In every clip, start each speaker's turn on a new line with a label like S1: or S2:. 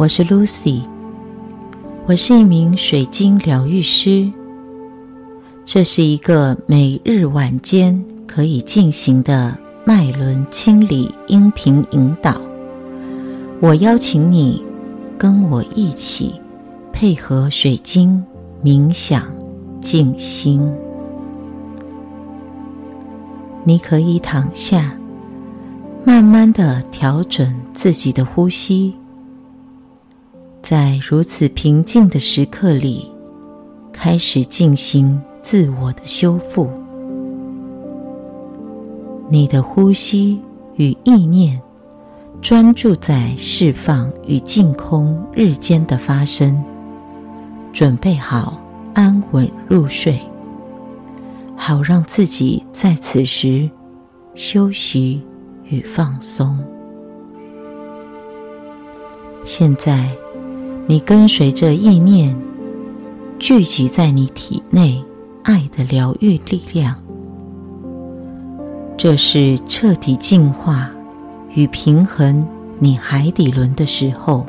S1: 我是 Lucy，我是一名水晶療癒師。這是一個每日晚間可以進行的脈輪清理音頻引導。我邀請你跟我一起配合水晶冥想靜心。你可以躺下，慢慢地調整自己的呼吸。在如此平靜的時刻裡，開始進行自我的修復。你的呼吸與意念專注在釋放與淨空日間的發生，準備好安穩入睡，好讓自己在此時休息與放鬆。現在。你跟隨着意念，聚集在你體內愛的療癒力量，這是徹底淨化與平衡你海底輪的時候。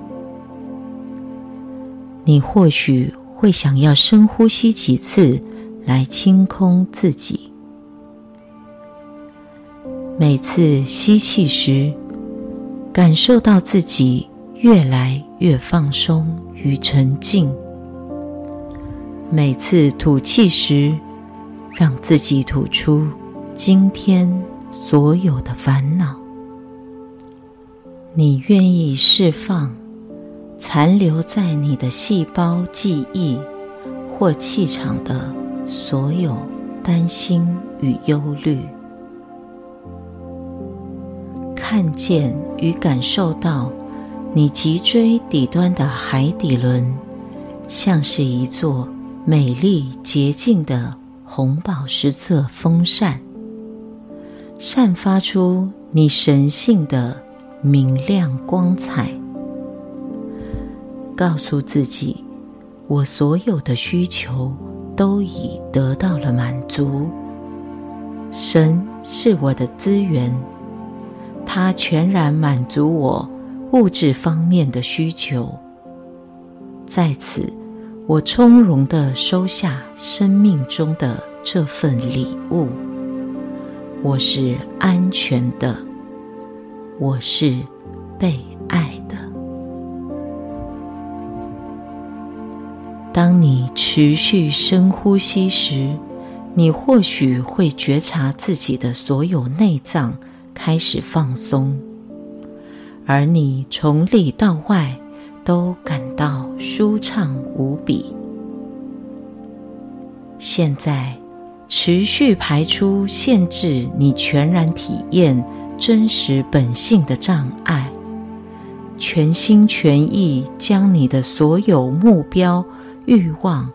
S1: 你或許會想要深呼吸幾次來清空自己。每次吸氣時，感受到自己越來。越放鬆與沉靜，每次吐氣時，讓自己吐出今天所有的煩惱。你願意釋放殘留在你的細胞、記憶或氣場的所有擔心與憂慮，看見與感受到。你脊椎底端的海底輪，像是一座美麗潔淨的紅寶石色風扇，散發出你神性的明亮光彩。告訴自己，我所有的需求都已得到了滿足。神是我的資源，他全然滿足我。物質方面的需求，在此我從容的收下生命中的這份禮物。我是安全的，我是被愛的。當你持續深呼吸時，你或許會覺察自己的所有內臟開始放鬆。而你從裡到外都感到舒暢無比。現在，持續排出限制你全然體驗真實本性的障礙，全心全意將你的所有目標、慾望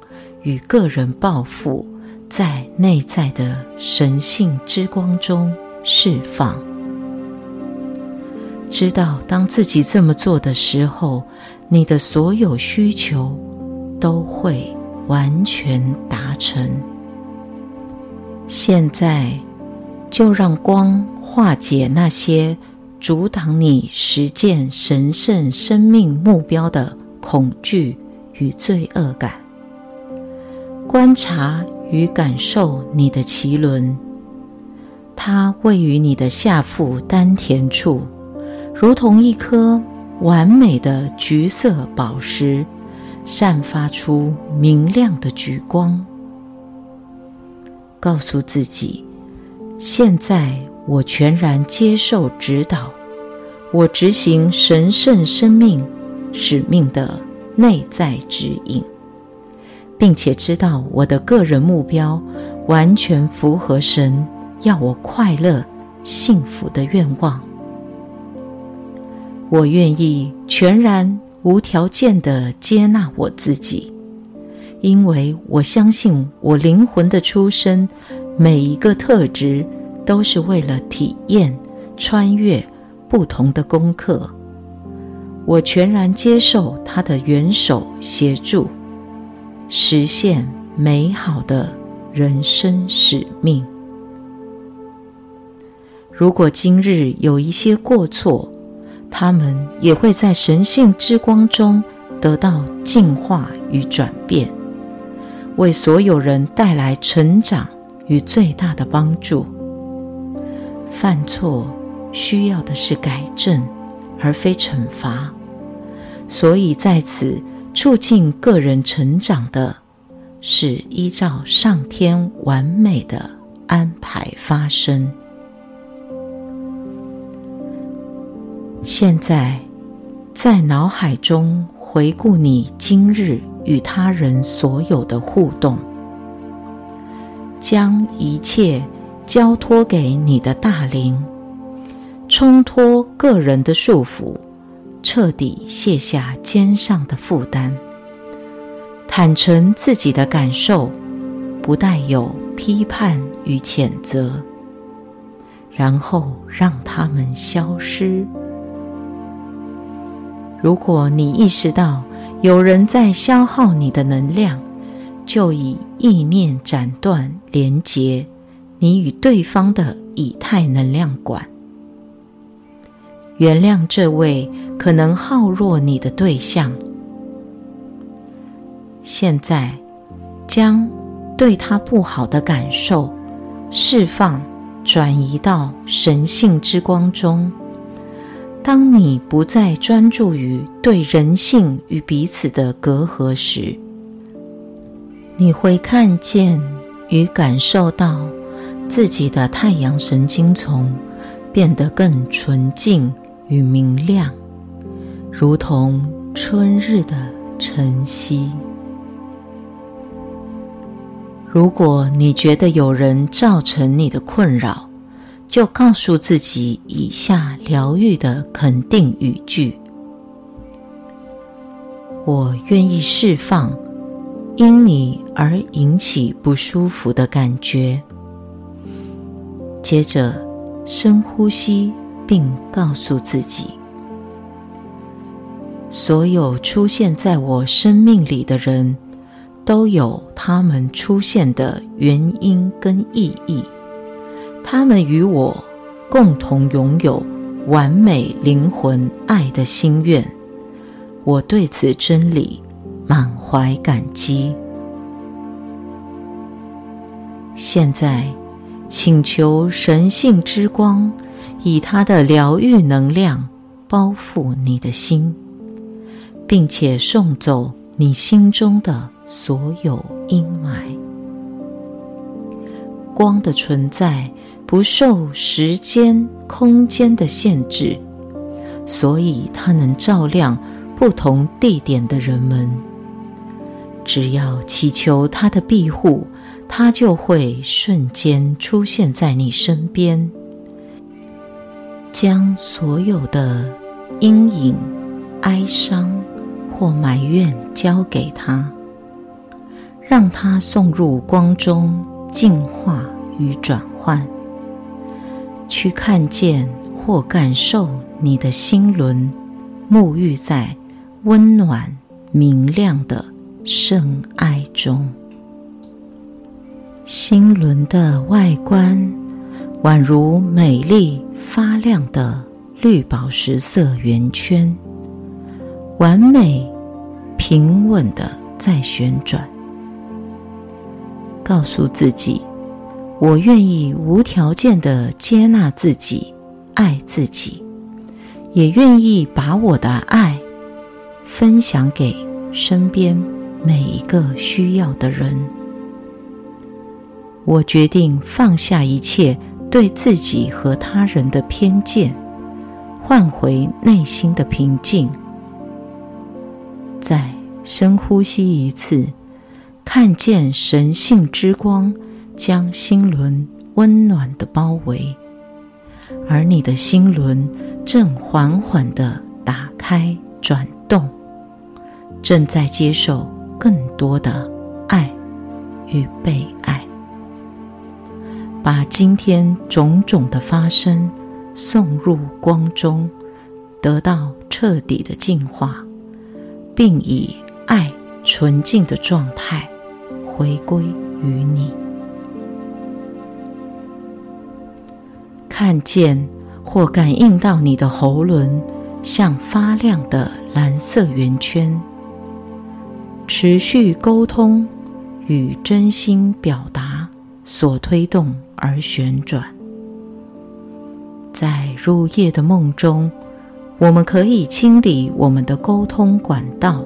S1: 與個人抱負，在內在的神性之光中釋放。知道，當自己這麼做的時候，你的所有需求都會完全達成。現在，就讓光化解那些阻擋你實踐神聖生命目標的恐懼與罪惡感。觀察與感受你的臍輪，它位於你的下腹丹田處。如同一顆完美的橘色寶石，散發出明亮的橘光。告訴自己：現在我全然接受指導，我執行神聖生命使命的內在指引，並且知道我的個人目標完全符合神要我快樂、幸福的願望。我願意全然無條件地接納我自己，因為我相信我靈魂的出生，每一個特質都是為了體驗、穿越不同的功課。我全然接受他的援手協助，實現美好的人生使命。如果今日有一些過錯，他們也會在神性之光中得到淨化與轉變，為所有人帶來成長與最大的幫助。犯錯需要的是改正，而非懲罰。所以，在此促進個人成長的，是依照上天完美的安排發生。現在，在腦海中回顧你今日與他人所有的互動，將一切交托給你的大靈，衝脫個人的束縛，徹底卸下肩上的負擔，坦誠自己的感受，不帶有批判與譴責，然後讓他們消失。如果你意識到有人在消耗你的能量，就以意念斬斷連接你與對方的以太能量管。原諒這位可能耗弱你的對象。現在，將對他不好的感受釋放，轉移到神性之光中。當你不再專注於對人性與彼此的隔閡時，你會看見與感受到自己的太陽神經叢變得更純淨與明亮，如同春日的晨曦。如果你覺得有人造成你的困擾，就告訴自己以下療癒的肯定語句：“我願意釋放因你而引起不舒服的感覺。”接着深呼吸，並告訴自己：“所有出現在我生命裡的人，都有他們出現的原因跟意義。”他們與我共同擁有完美靈魂、愛的心願，我對此真理滿懷感激。現在，請求神性之光以它的療癒能量包覆你的心，並且送走你心中的所有陰霾。光的存在，不受時間、空間的限制，所以它能照亮不同地點的人們。只要祈求它的庇護，它就會瞬間出現在你身邊，將所有的陰影、哀傷或埋怨交給他，讓他送入光中，淨化與轉換。去看見或感受你的心輪，沐浴在溫暖明亮的聖愛中。心輪的外觀宛如美麗發亮的綠寶石色圓圈，完美平穩的在旋轉。告訴自己。我願意無條件的接納自己，愛自己，也願意把我的愛分享給身邊每一個需要的人。我決定放下一切對自己和他人的偏見，換回內心的平靜。再深呼吸一次，看見神性之光。將心輪溫暖的包圍，而你的心輪正緩緩的打開、轉動，正在接受更多的愛與被愛。把今天種種的發生送入光中，得到徹底的淨化，並以愛純淨的狀態回歸於你。看見或感應到你的喉輪像發亮的藍色圓圈，持續溝通與真心表達所推動而旋轉。在入夜的夢中，我們可以清理我們的溝通管道。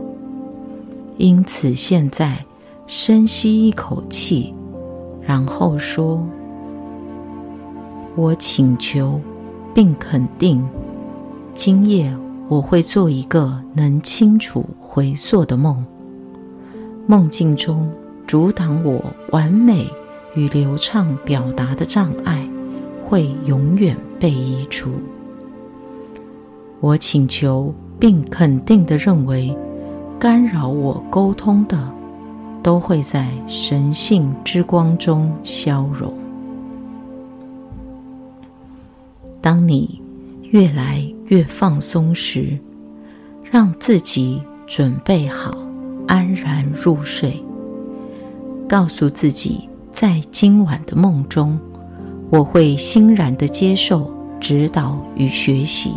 S1: 因此，現在深吸一口氣，然後說。我請求並肯定，今夜我會做一個能清楚回溯的夢。夢境中阻擋我完美與流暢表達的障礙，會永遠被移除。我請求並肯定的認為，干擾我溝通的，都會在神性之光中消融。當你越來越放鬆時，讓自己準備好安然入睡。告訴自己，在今晚的夢中，我會欣然的接受指導與學習。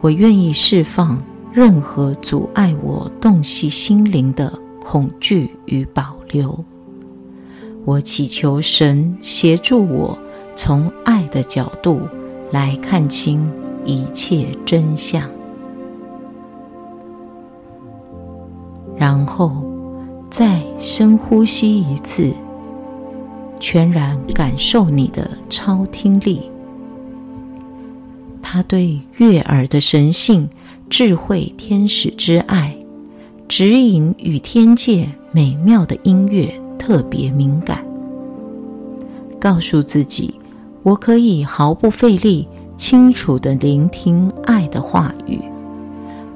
S1: 我願意釋放任何阻礙我洞悉心靈的恐懼與保留。我祈求神協助我從愛的角度。來看清一切真相，然後再深呼吸一次，全然感受你的超聽力。他對悅耳的神性、智慧、天使之愛、指引與天界美妙的音樂特別敏感。告訴自己。我可以毫不費力、清楚地聆聽愛的話語。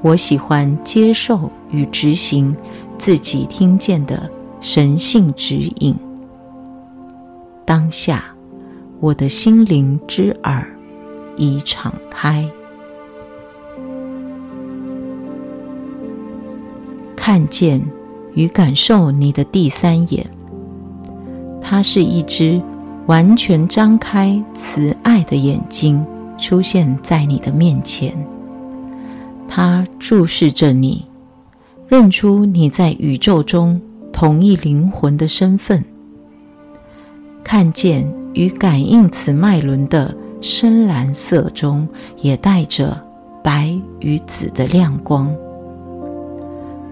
S1: 我喜歡接受與執行自己聽見的神性指引。當下，我的心靈之耳已敞開，看見與感受你的第三眼。它是一隻。完全張開慈愛的眼睛，出現在你的面前。他注視着你，認出你在宇宙中同一靈魂的身份，看見與感應此脈輪的深藍色中也帶着白與紫的亮光。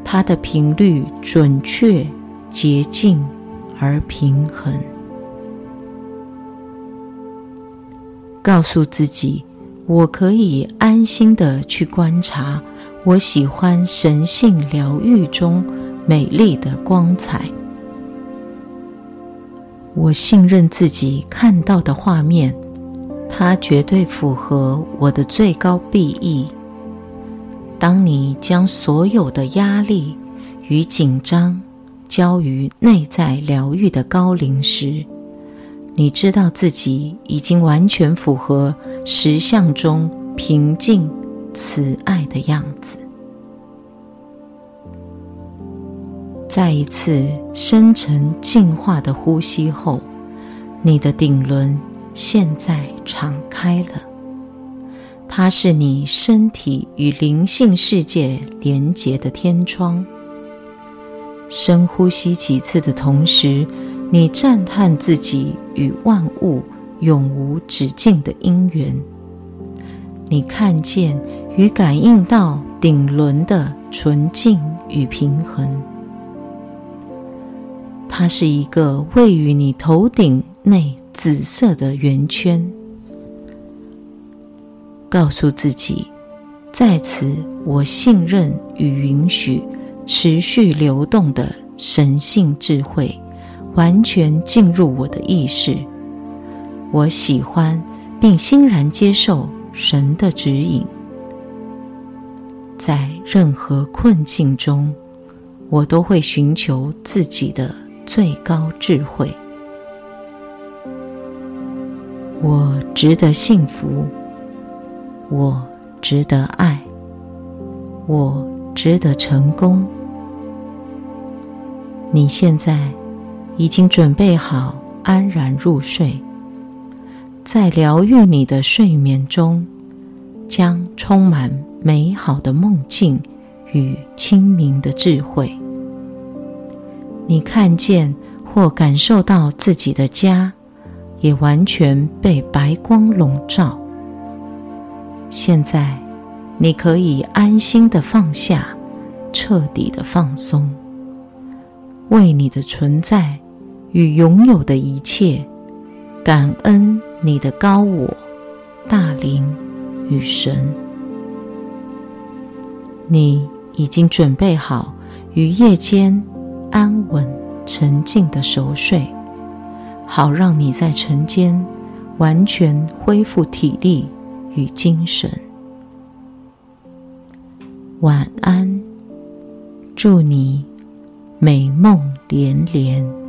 S1: 它的頻率準確、潔淨而平衡。告訴自己，我可以安心地去觀察。我喜歡神性療癒中美麗的光彩。我信任自己看到的畫面，它絕對符合我的最高裨益。當你將所有的壓力與緊張交於內在療癒的高靈時。你知道自己已經完全符合實相中平靜、慈愛的樣子。在一次深沉淨化的呼吸後，你的頂輪現在敞開了，它是你身體與靈性世界連接的天窗。深呼吸幾次的同時。你讚嘆自己與萬物永無止境的因緣，你看見與感應到頂輪的純淨與平衡，它是一個位於你頭頂內紫色的圓圈。告訴自己，在此我信任與允許持續流動的神性智慧。完全進入我的意識，我喜歡並欣然接受神的指引。在任何困境中，我都會尋求自己的最高智慧。我值得幸福，我值得愛，我值得成功。你現在已經準備好安然入睡，在療癒你的睡眠中，將充滿美好的夢境與清明的智慧。你看見或感受到自己的家，也完全被白光籠罩。現在，你可以安心的放下，徹底的放鬆，為你的存在。與擁有的一切，感恩你的高我、大靈與神。你已經準備好於夜間安穩、沉靜的熟睡，好讓你在晨間完全恢復體力與精神。晚安，祝你美夢連連。